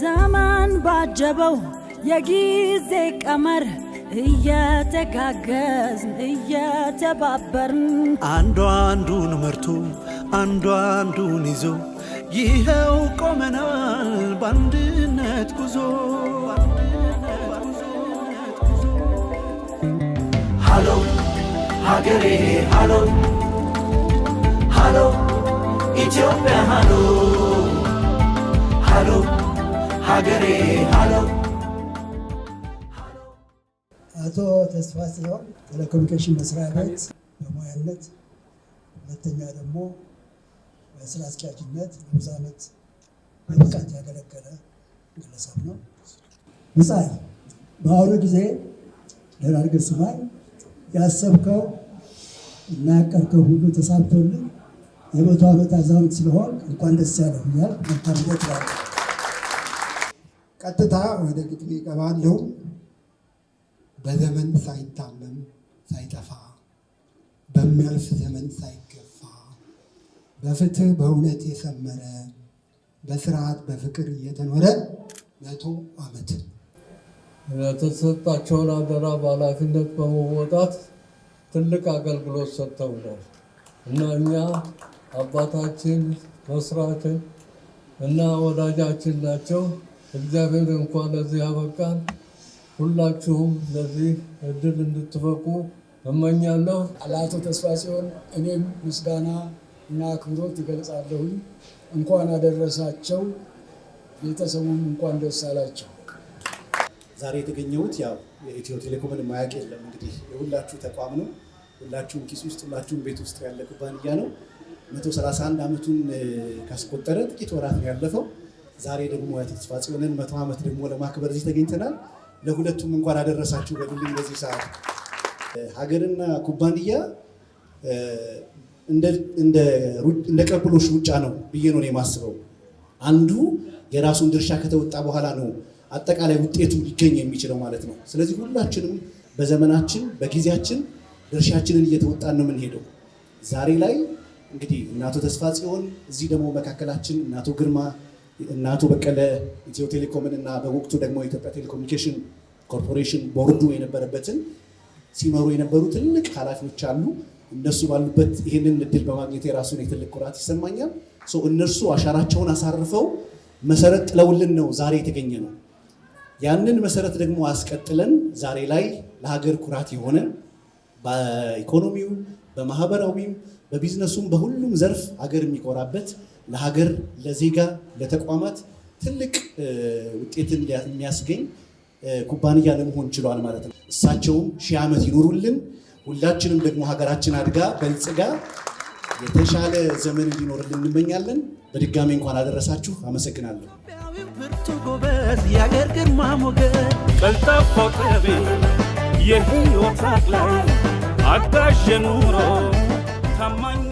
ዘመን ባጀበው የጊዜ ቀመር እየተጋገዝን እየተባበርን አንዱ አንዱን መርቶ አንዱ አንዱን ይዞ ይኸው ቆመናል በአንድነት ጉዞ ሃሎ ሀገሬ ሃሎ ሃሎ ኢትዮጵያ ሃሎ ሀገሬ አለው። አቶ ተስፋ ጽዮን ቴሌኮሙኒኬሽን መስሪያ ቤት በሙያነት ሁለተኛ ደግሞ በስራ አስኪያጅነት ለብዙ ዓመት በብቃት ያገለገለ ግለሰብ ነው። ምሳሌ በአሁኑ ጊዜ ለናርገር ስማይ ያሰብከው እና ያቀርከው ሁሉ ተሳብቶልን የመቶ ዓመት አዛውንት ስለሆን እንኳን ደስ ያለው እያል መልካም ቀጥታ ወደ ግጥሜ እገባለሁ። በዘመን ሳይታመም ሳይጠፋ በሚያልፍ ዘመን ሳይገፋ በፍትህ በእውነት የሰመረ በስርዓት በፍቅር እየተኖረ መቶ ዓመት የተሰጣቸውን አደራ በኃላፊነት በመወጣት ትልቅ አገልግሎት ሰጥተውናል እና እኛ አባታችን መስራትን እና ወዳጃችን ናቸው። እግዚአብሔር እንኳን ለዚህ አበቃን። ሁላችሁም ለዚህ እድል እንድትበቁ እመኛለሁ። ለአቶ ሲሆን እኔም ምስጋና እና አክብሮት ይገልጻለሁኝ። እንኳን አደረሳቸው፣ ቤተሰቡም እንኳን ደስ አላቸው። ዛሬ የተገኘሁት ያው የኢትዮ ቴሌኮምን ማያውቅ የለም። እንግዲህ የሁላችሁ ተቋም ነው። ሁላችሁም ኪስ ውስጥ፣ ሁላችሁም ቤት ውስጥ ያለ ኩባንያ ነው። 131 ዓመቱን ካስቆጠረ ጥቂት ወራት ነው ያለፈው። ዛሬ ደግሞ ተስፋ ጽዮንን መቶ ዓመት ደግሞ ለማክበር እዚህ ተገኝተናል። ለሁለቱም እንኳን አደረሳችሁ። በድልኝ በዚህ ሰዓት ሀገርና ኩባንያ እንደ ቀብሎች ሩጫ ነው ብዬ ነው የማስበው። አንዱ የራሱን ድርሻ ከተወጣ በኋላ ነው አጠቃላይ ውጤቱ ሊገኝ የሚችለው ማለት ነው። ስለዚህ ሁላችንም በዘመናችን በጊዜያችን ድርሻችንን እየተወጣን ነው የምንሄደው። ዛሬ ላይ እንግዲህ እናቶ ተስፋ ጽዮን እዚህ ደግሞ መካከላችን እናቶ ግርማ እና አቶ በቀለ ኢትዮ ቴሌኮምን እና በወቅቱ ደግሞ የኢትዮጵያ ቴሌኮሙኒኬሽን ኮርፖሬሽን ቦርዱ የነበረበትን ሲመሩ የነበሩ ትልቅ ኃላፊዎች አሉ። እነሱ ባሉበት ይህንን እድል በማግኘት የራሱን የትልቅ ኩራት ይሰማኛል። እነርሱ አሻራቸውን አሳርፈው መሰረት ጥለውልን ነው ዛሬ የተገኘ ነው። ያንን መሰረት ደግሞ አስቀጥለን ዛሬ ላይ ለሀገር ኩራት የሆነ በኢኮኖሚው በማህበራዊም በቢዝነሱም በሁሉም ዘርፍ ሀገር የሚኮራበት ለሀገር ለዜጋ ለተቋማት ትልቅ ውጤትን የሚያስገኝ ኩባንያ ለመሆን ችሏል ማለት ነው። እሳቸውም ሺህ ዓመት ይኖሩልን ሁላችንም ደግሞ ሀገራችን አድጋ በልጽጋ የተሻለ ዘመን እንዲኖርልን እንመኛለን። በድጋሚ እንኳን አደረሳችሁ። አመሰግናለሁ። ብርቱ ጎበዝ፣ የአገር ግርማ ቀልጣፋ ጠቢብ፣ የህይወት አቅላይ አጋዥ ኑሮ come on